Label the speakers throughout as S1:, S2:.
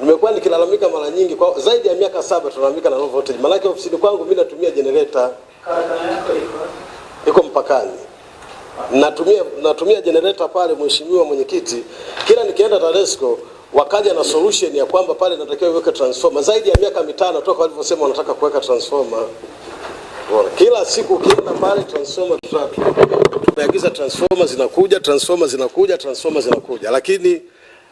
S1: Nimekuwa nikilalamika mara nyingi kwa zaidi ya miaka saba tunalalamika na low voltage. Maanake ofisini kwangu mimi natumia generator. Iko mpakani. Natumia natumia generator pale, mheshimiwa mwenyekiti. Kila nikienda Tanesco wakaja na solution ya kwamba pale natakiwa iweke transformer. Zaidi ya miaka mitano toka walivyosema wanataka kuweka transformer. Bora Kila siku ukienda pale transformer tatu. Tumeagiza transformer zinakuja, transformer zinakuja, transformer zinakuja. Lakini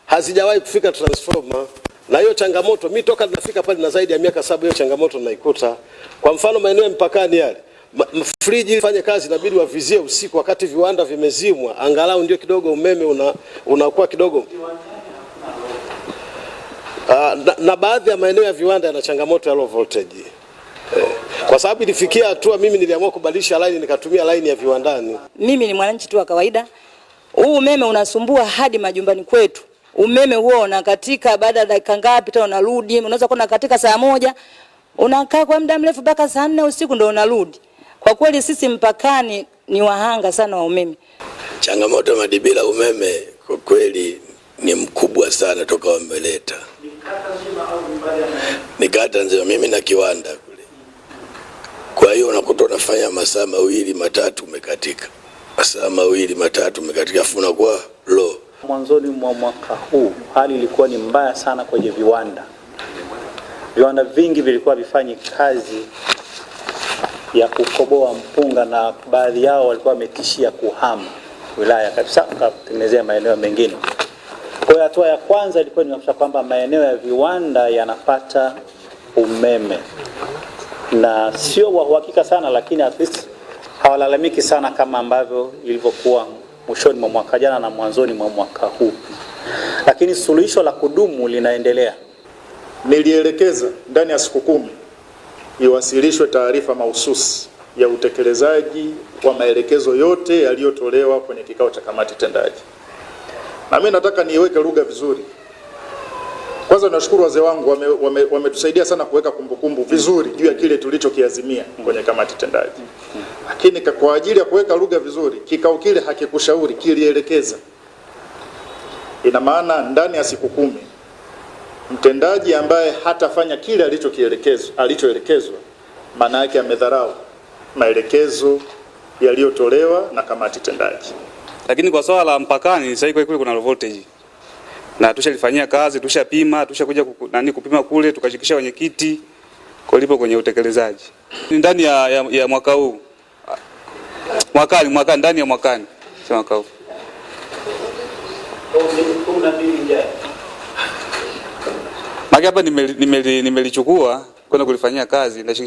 S1: hazijawahi kufika transformer na hiyo changamoto mi toka nafika pale na zaidi ya miaka saba, hiyo changamoto naikuta. Kwa mfano maeneo ya mpakani yale friji fanye kazi inabidi wavizie usiku, wakati viwanda vimezimwa, angalau ndio kidogo umeme una unakuwa kidogo uh, na, na baadhi ya maeneo ya viwanda yana changamoto ya low voltage eh, kwa sababu ilifikia hatua mimi niliamua kubadilisha laini nikatumia laini ya viwandani.
S2: Mimi ni mwananchi tu wa kawaida, huu umeme unasumbua hadi majumbani kwetu umeme huo unakatika baada ya dakika ngapi tena unarudi. Unaweza kuwa katika saa moja, unakaa kwa muda mrefu mpaka saa nne usiku ndio unarudi. Kwa kweli sisi mpakani ni wahanga sana wa umeme.
S3: Changamoto madibila umeme kwa kweli ni mkubwa sana toka wameleta ni kata nzima, mimi na kiwanda kule. Kwa hiyo unakuta unafanya masaa mawili matatu umekatika, masaa mawili matatu umekatika, afu unakuwa low
S4: Mwanzoni mwa mwaka huu hali ilikuwa ni mbaya sana kwenye viwanda. Viwanda vingi vilikuwa vifanyi kazi ya kukoboa mpunga, na baadhi yao walikuwa wametishia kuhama wilaya kabisa, kutengenezea maeneo mengine. Kwa hiyo hatua ya kwanza ilikuwa ni kuhakikisha kwamba maeneo ya viwanda yanapata umeme, na sio wa uhakika sana, lakini at least hawalalamiki sana kama ambavyo ilivyokuwa mwishoni mwa mwaka jana na mwanzoni mwa mwaka huu, lakini suluhisho la kudumu linaendelea.
S5: Nilielekeza ndani ya siku kumi iwasilishwe taarifa mahususi ya utekelezaji wa maelekezo yote yaliyotolewa kwenye kikao cha kamati tendaji, na mimi nataka niiweke lugha vizuri. Kwanza nashukuru wazee wangu wametusaidia wame, wame sana kuweka kumbukumbu vizuri juu ya kile tulichokiazimia kwenye kamati tendaji lakini kwa ajili ya kuweka lugha vizuri, kikao kile hakikushauri, kilielekeza. Ina maana ndani ya siku kumi mtendaji ambaye hatafanya kile alichokielekezwa alichoelekezwa, maana yake amedharau maelekezo yaliyotolewa na kamati tendaji.
S1: Lakini kwa swala la mpakani sasa hivi kule kuna voltage na tushalifanyia kazi, tushapima, tushakuja nani kupima kule, tukashikisha wenyekiti, kulipo kwenye utekelezaji ndani ya, ya, ya mwaka huu mwakani, mwakani, ndani ya mwakani, sio mwaka huu. Hapa nimelichukua kwenda kulifanyia kazi na